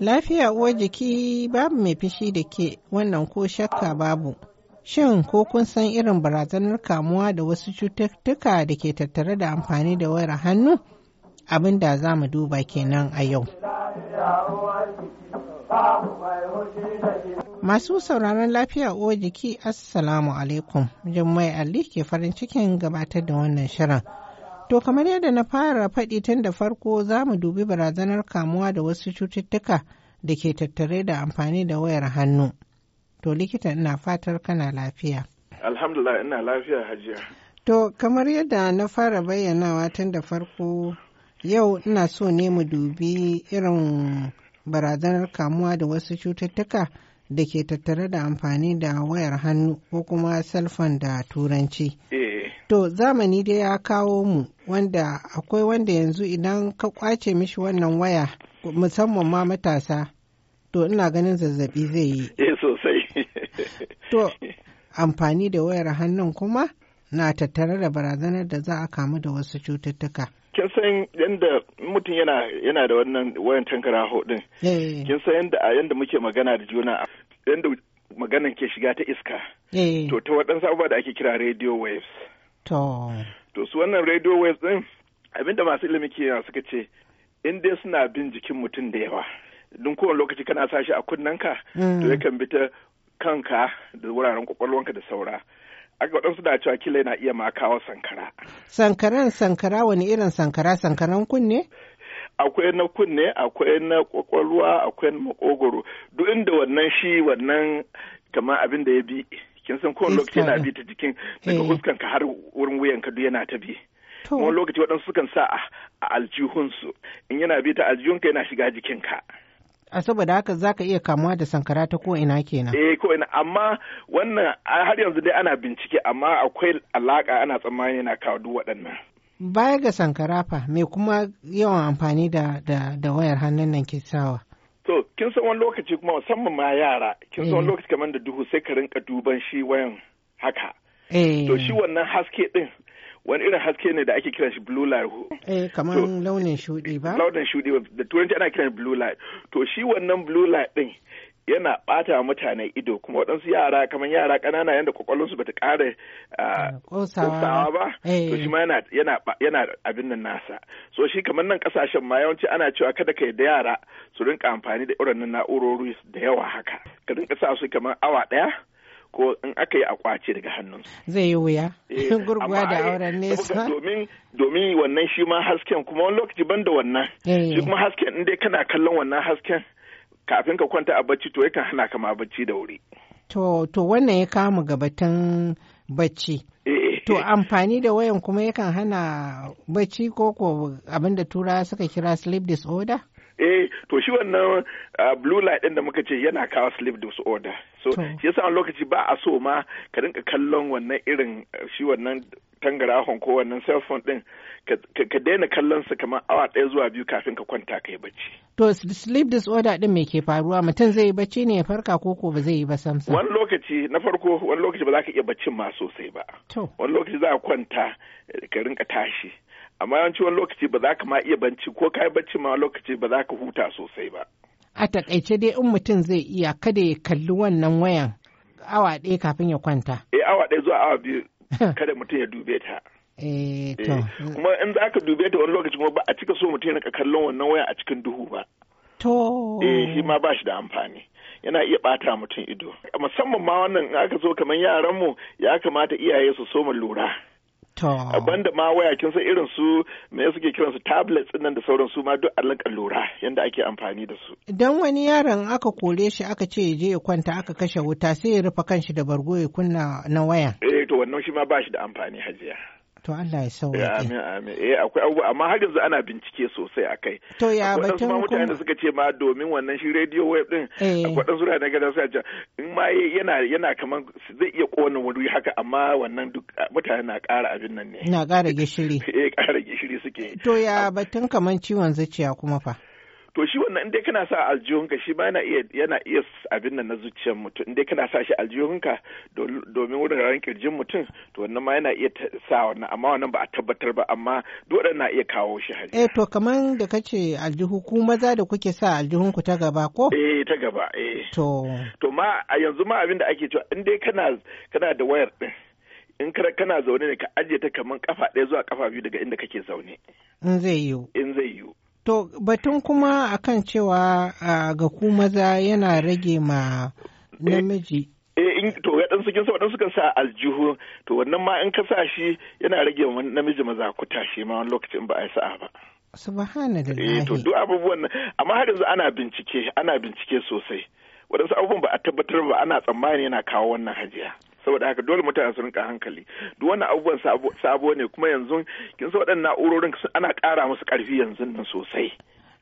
Lafiya uwar jiki babu mai fishi da ke wannan ko shakka babu. Shin ko kun san irin barazanar kamuwa da wasu cututtuka da ke tattare da amfani da wayar hannu? Abin da za mu duba kenan a yau. Masu sauraron lafiya uwar jiki Assalamu alaikum. Jummai Ali ke farin cikin gabatar da wannan shirin. To kamar yadda na fara faɗi tun da farko za mu dubi barazanar kamuwa da wasu cututtuka da ke tattare da amfani da wayar hannu. To likita ina fatar kana lafiya. Alhamdulillah ina lafiya hajiya. To kamar yadda na fara bayyanawa tun da farko yau ina so ne mu dubi irin barazanar kamuwa da wasu cututtuka da ke tattare da amfani da wayar hannu ko kuma salfan da turanci. Eh. To zamani dai ya kawo mu wanda akwai wanda yanzu idan ka kwace mishi wannan waya musamman ma matasa to ina ganin zazzabi zai yi. Eh sosai. to amfani da wayar hannun kuma na tattare da barazanar da za a kamu da wasu cututtuka. Kin san yadda mutum yana yana da wannan wayan tankara din. Eh. Kin san yadda a yadda muke magana da juna yadda maganan ke shiga ta iska. Eh. To ta waɗansu abubuwa da ake kira radio waves. To. to su wannan radio waves din abinda masu ilimi ke yana suka ce in dai suna bin jikin mutum da yawa dun kowane lokaci kana sa shi a kunnenka hmm. to yakan bi ta kanka da wuraren kwakwalwanka da saura aka waɗansu na cewa kila yana iya makawa sankara sankaran sankara wani irin sankara sankaran kunne akwai na kunne akwai na kwakwalwa akwai na makogoro duk inda wannan shi wannan kamar abin da ya bi kin san kowane lokaci yana bi ta jikin daga eh. huskan ka har wurin wuyan ka duk yana ta bi wani lokaci waɗansu sukan sa a aljihunsu in yana bi ta aljihun ka yana shiga jikinka a saboda haka za ka iya kamuwa da sankara ta ko ina kenan eh ko ina amma wannan har yanzu dai ana bincike amma akwai alaka ana tsammani yana kawo duk waɗannan baya ga sankara fa me kuma yawan amfani da da, da wayar hannun nan ke sawa To, kin san wani lokaci kuma musamman ma yara, kin san wani eh. lokaci kamar da duhu sai ka rinka duban shi wayan haka. To eh. shi wannan haske ɗin wani irin haske ne da ake kiran shi blue light. Eh, kamar launin shuɗi ba? Launin shuɗi ba, da turanci ana kiran blue light. To shi wannan blue light ɗin. yana bata mutane ido kuma waɗansu yara kamar yara ƙanana yadda kwakwalonsu bata ƙara kosawa ah, ba to eh. shi ma yana abin nan nasa so shi kamar nan ƙasashen ma yawanci ana cewa kada ka da yara su rinka amfani da irin na'urori da yawa haka ka rinka sa su kamar awa ɗaya ko in aka yi a kwace daga hannun zai yi wuya eh, gurguwa da eh, auren nesa domin domin wannan shi ma hasken kuma wani lokaci ban da wannan shi kuma hasken in dai kana kallon wannan hasken kafin ka kwanta a bacci to yakan hana ka ma bacci da wuri. To, wannan ya kama gabatan bacci. Eh. To amfani da wayan kuma yakan hana bacci ko ko abinda tura suka kira sleep disorder? Eh, to shi wannan ah, blue light ɗin da muka ce yana kawo sleep disorder. so shi yasa a lokaci ba a so ma ka rinka kallon wannan irin eh, shi wannan tangarahon ko wannan cell phone din ka daina kallon sa kamar awa ɗaya zuwa biyu kafin ka kwanta ka yi bacci. To sleep disorder din me ke faruwa mutum zai yi bacci ne ya farka ko ko ba zai yi ba samsa. Wani lokaci na farko wani lokaci ba za ka iya baccin ma sosai ba. Wani lokaci za ka kwanta eh, ka rinka tashi. Amma yawanci wani lokaci ba za ka ma iya bacci ko ka yi bacci ma lokaci ba za ka huta sosai ba. a takaice dai in mutum zai iya kada ya kalli wannan wayan awa ɗaya kafin ya kwanta. Eh awa ɗaya zuwa awa biyu kada mutum ya dube ta. Eh, eh, kuma in za ka dube ta wani lokaci kuma ba a cika so mutum ya rika kallon wannan waya a cikin duhu ba. To. Eh shi ma ba shi da amfani. yana iya bata mutum ido musamman ma wannan in aka so kamar yaranmu ya kamata iyaye su soma lura banda ma waya kin san irin su me suke kiran su tablets din nan da sauran su ma duk an lura yanda ake amfani da su dan wani yaron aka kore shi aka ce ya je ya kwanta aka kashe wuta sai ya rufe kanshi da bargo ya kunna na waya eh to wannan shi ma ba shi da amfani hajiya To Allah ya eh, sauya. Amin amin. Eh akwai abubuwa amma har yanzu ana bincike sosai akai. To ya batun kuma mutane da suka ce ma domin wannan shi radio web din eh. akwai dan sura na gada suka ce in ma yana yana kaman zai iya kona wuri haka amma wannan duk mutane na ƙara abin nan ne. Na ƙara gishiri. Eh ƙara gishiri suke. To ya batun kaman ciwon zuciya kuma fa. to shi wannan inda kana sa aljihunka shi ma yana iya yana iya abin nan na zuciyar mutum inda kana sa shi aljihunka domin wurin ran kirjin mutum to wannan ma yana iya sa wannan amma wannan ba a tabbatar ba amma dole na iya kawo shi hali. eh to kaman da kace aljihu ku maza da kuke sa aljihunku ta gaba ko eh ta gaba eh to to ma a yanzu ma abin da ake cewa inda kana kana da wayar din in kana zaune ne ka ajiye ta kaman kafa ɗaya zuwa kafa biyu daga inda kake zaune in zai yiwu in zai yiwu To batun kuma akan cewa ga ku maza yana rage ma namiji. Eh, eh in to ya dan sukin sa kan sa aljihu to wannan ma in ka sa shi yana rage ma namiji maza ku shi ma wani lokacin ba a yi sa'a ba. lahi. Eh to duk abubuwan nan amma har yanzu ana bincike ana bincike sosai. waɗansu abubuwan ba a tabbatar ba ana tsammani yana kawo wannan hajiya. saboda haka dole mutane su rinka hankali duk wannan abubuwan sabo ne kuma yanzu kin san waɗannan na'urorin ana ƙara musu ƙarfi yanzu nan sosai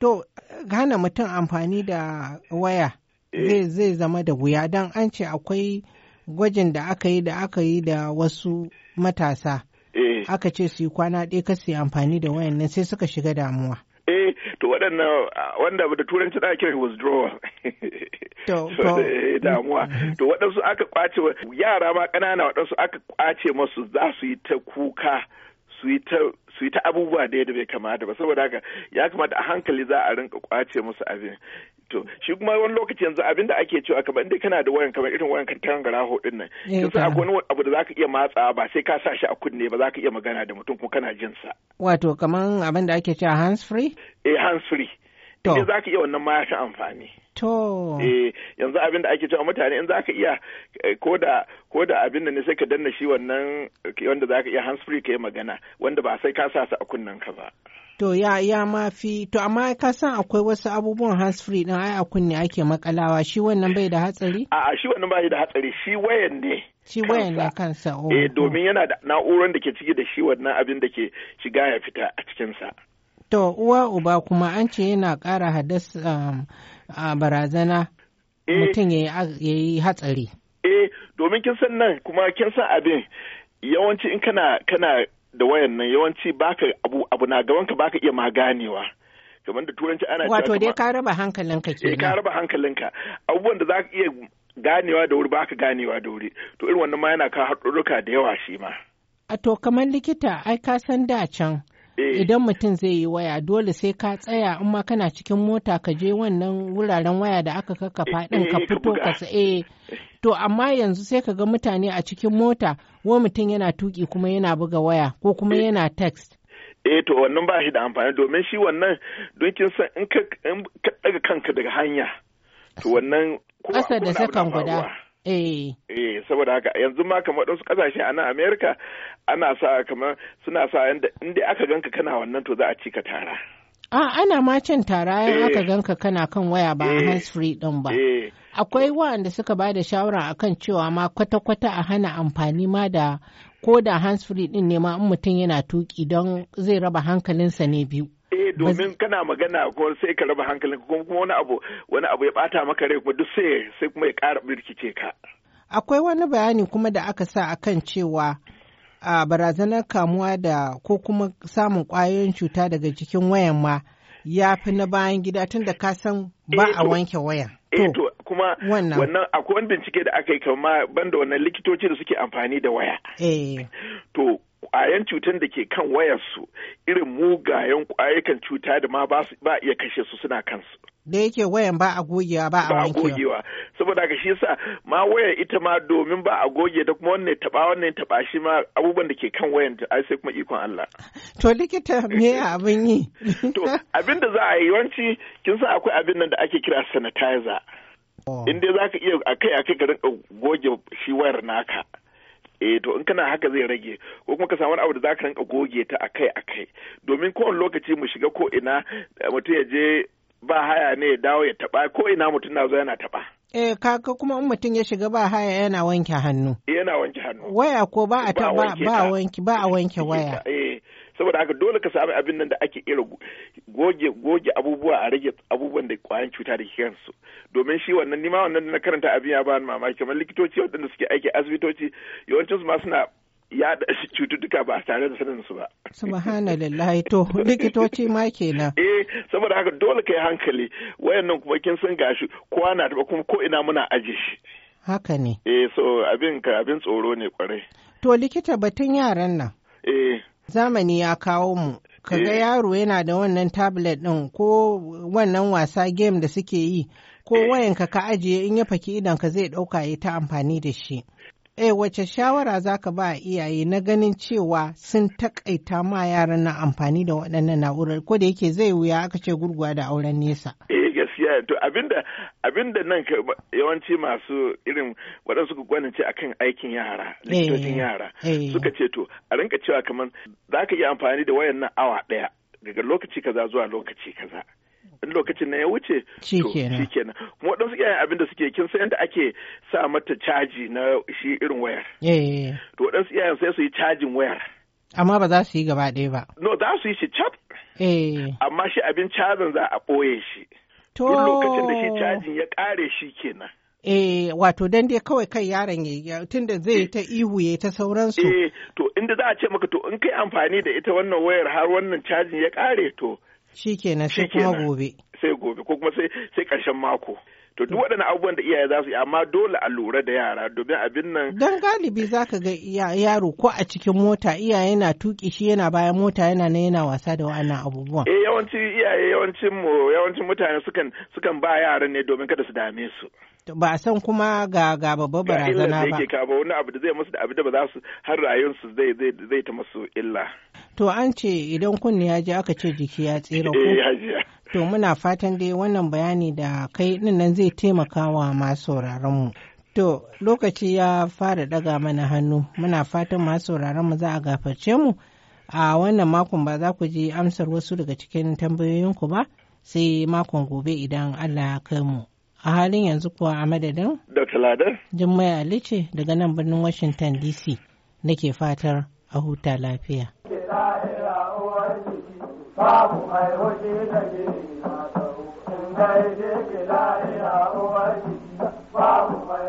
to gane mutum amfani da waya eh. zai zama da wuya don an ce akwai gwajin da aka yi da aka yi da wasu matasa eh. aka ce su yi kwana ɗaya ka amfani da wayan nan sai suka shiga damuwa eh to waɗannan wanda da turanci da kiran withdrawal eh, damuwa mm-hmm. to waɗansu aka kwace yara ma ƙanana waɗansu aka kwace masu za su yi ta kuka su yi ta su yi abubuwa da bai kamata ba saboda haka ya kamata a hankali za a rinka kwace masu abin to shi kuma wani lokaci yanzu abin da ake cewa kamar inda kana da wayan kamar irin wayan kantaran garaho din nan eh, kin san akwai wani abu da zaka iya matsa ba sai ka sa shi a kunne ba zaka iya magana da mutum kuma kana jin sa wato kamar abin da ake cewa hands free eh hands free to za zaka iya wannan ma ya amfani to eh yanzu abin da ake cewa mutane in zaka iya eh, ko da ko da abin da ne sai ka danna shi wannan wanda zaka iya hands free ka yi magana wanda ba sai ka sa su a kunnen ka ba To ya ya mafi to amma ka san akwai wasu abubuwan hands free din ai a kunne ake makalawa shi wannan bai da hatsari? A'a shi wannan bai da hatsari shi wayan ne. Shi wayan ne kansa. Oh, eh oh. domin yana da na'urar da ke ciki da shi wannan abin da ke shiga ya fita a cikin sa. To uwa uba kuma an ce yana ƙara hadas um, a barazana eh. mutum ya yi hatsari. Eh domin kin san nan kuma kin san abin yawanci in kana kana da wayan nan yawanci baka abu abu na gaban ka baka iya maganewa kamar da turanci ana wato dai ka raba hankalinka kenan eh ka raba hankalinka abubuwan da zaka iya ganewa da wuri baka ganewa da wuri to irin wannan ma yana ka haɗurruka da yawa shi ma a to kamar likita ai ka san da can Eh. idan mutum zai yi waya dole sai ka tsaya in ma kana cikin mota ka je wannan wuraren waya da aka kakkafa din eh, eh, ka fito ka tsaye to amma yanzu sai ka ga mutane a cikin mota wa mutum yana tuki kuma yana buga waya ko kuma yana text eh to wannan ba shi da amfani domin shi wannan don kin san in ka daga kanka daga hanya to wannan ko da sakan guda eh saboda haka yanzu ma kamar wasu kasashe a nan Amerika ana sa kamar suna sa yanda in aka ganka kana wannan to za a ci ka tara a ana ma cin tara yan eh. aka ganka kana kan waya ba a eh. hands free din ba eh. akwai waɗanda suka ba da shawara a kan cewa ma kwata-kwata a hana amfani ma da ko da hands free din ne ma in mutum yana tuki don zai raba hankalinsa ne biyu eh domin kana magana ko sai ka raba hankalin kuma wani abu wani abu ya bata maka rai kuma duk sai sai kuma ya kara birkice ka Akwai wani bayani kuma da aka sa akan cewa a barazanar kamuwa da ko kuma samun ƙwayoyin cuta daga cikin wayan ma ya fi na bayan gida tun da ka san ba a eh, wanke wayan. Eh, to kuma wannan akwai wani bincike da aka yi kama banda wannan likitoci da suke amfani da waya. Eh. To kwayan cutan da ke kan wayarsu irin mugayen kwayakan cuta da ma ba iya kashe su suna kansu. da yake wayan ba a gogewa ba a gogewa saboda ka shi sa ma waya ita ma domin ba a goge da kuma wannan taba wannan taba shi ma abubuwan da ke kan wayan ai sai kuma ikon Allah to likita me abin yi to abin da za a yi yawanci kin san akwai abin nan da ake kira sanitizer oh. in dai ka iya akai akai ka rinka goge shi wayar naka eh to in kana haka zai rage ko kuma ka samu wani abu da za ka rinka goge ta akai akai domin kowane lokaci mu shiga ko ina eh, mutum ya je ba haya ne ya dawo ya taba ko ina mutum na zo yana taba Eh kaka kuma in mutum ya shiga ba haya yana wanke hannu. Yana wanke hannu. Waya ko ba a taɓa ba a wanke ba a wanke waya. Eh saboda haka dole ka sami abin nan da ake ira goge goge abubuwa a rage abubuwan da kwayan cuta da ke kansu domin shi wannan nima wannan na karanta abin ya bani mamaki kamar likitoci waɗanda suke aiki asibitoci yawancin su ma suna Ya shi cututtuka ba tare da sanin su ba. da to likitoci ma kenan. Eh saboda haka dole kai hankali wayannan kuma kin san gashi kwana da kuma ko ina muna aje shi. Haka ne. Eh so abin ka abin tsoro ne kwarai. To likita batun yaran nan. Eh zamani ya kawo mu. Kaga eh. yaro yana da wannan tablet ɗin ko wannan wasa game da suke yi ko eh. wayanka ka ajiye in ya faki idan ka zai ɗauka ya ta amfani da shi. e wace shawara za ka ba iyaye na ganin cewa sun takaita ma yaran na amfani da waɗannan na'urar ko da yake zai wuya aka ce gurguwa da auren nesa. Eh gaskiya to abinda abinda nan yawanci masu irin waɗansu ku ce akan aikin yara eh, likitocin yara eh. suka ce to a rinka cewa kamar za ka iya amfani da wayannan awa ɗaya daga lokaci kaza zuwa lokaci kaza. lokacin na ya wuce shi kenan kuma waɗansu iyayen abin da suke kin san yadda ake sa mata caji na shi irin wayar eh. to waɗansu iyayen sai su yi cajin wayar amma ba za su yi gaba ɗaya ba no za su yi shi cap eh. amma shi abin cajin za a ɓoye shi to lokacin da shi cajin ya ƙare shi kenan Eh, wato dan dai kawai kai yaron ya tun da zai ta eh. ihu ya ta sauransu. Eh, to inda za a ce maka to in kai amfani da ita wannan wayar har wannan cajin ya kare to Shi kenan sai kuma gobe. sai gobe ko kuma sai karshen mako to duk waɗannan abubuwan da iyaye za su yi amma dole a lura da yara domin abin nan Don galibi za ka ga yaro ko a cikin mota iyaye na tuki shi yana bayan mota yana na yana wasa da wa'annan abubuwan eh yawanci iyaye yawancin mu yawancin mutane sukan sukan ba yara ne domin kada su dame su ba san kuma ga ga babbar barazana ba. Ga illa da wani abu da zai musu da abu da ba za su har rayuwarsu zai zai zai ta musu illa. To an ce idan kunni ya ji aka ce jiki ya tsira ko. Eh, To muna fatan dai wannan bayani da kai nan zai taimaka wa masu mu. To lokaci ya fara ɗaga mana hannu muna fatan masu mu za a gafarce mu a wannan makon ba za ku ji amsar wasu daga cikin tambayoyinku ba sai makon gobe idan Allah ya kai mu. A halin yanzu kuwa a madadin? Dr. Ladar? Jummai Ali daga nan birnin Washington DC nake fatar a huta lafiya. babu mai da ke na mai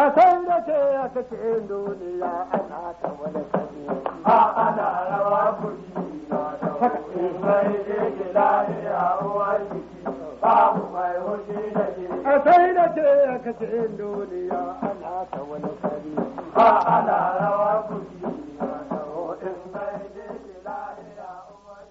a san da ke a kace duniya ana ta wani kare Ba ana rawa kuɗi na tsaro in dai je ke lahira ubangiji babu mai hoji da ke a san da ke a kace duniya ana ta wani kare Ba ana rawa kuɗi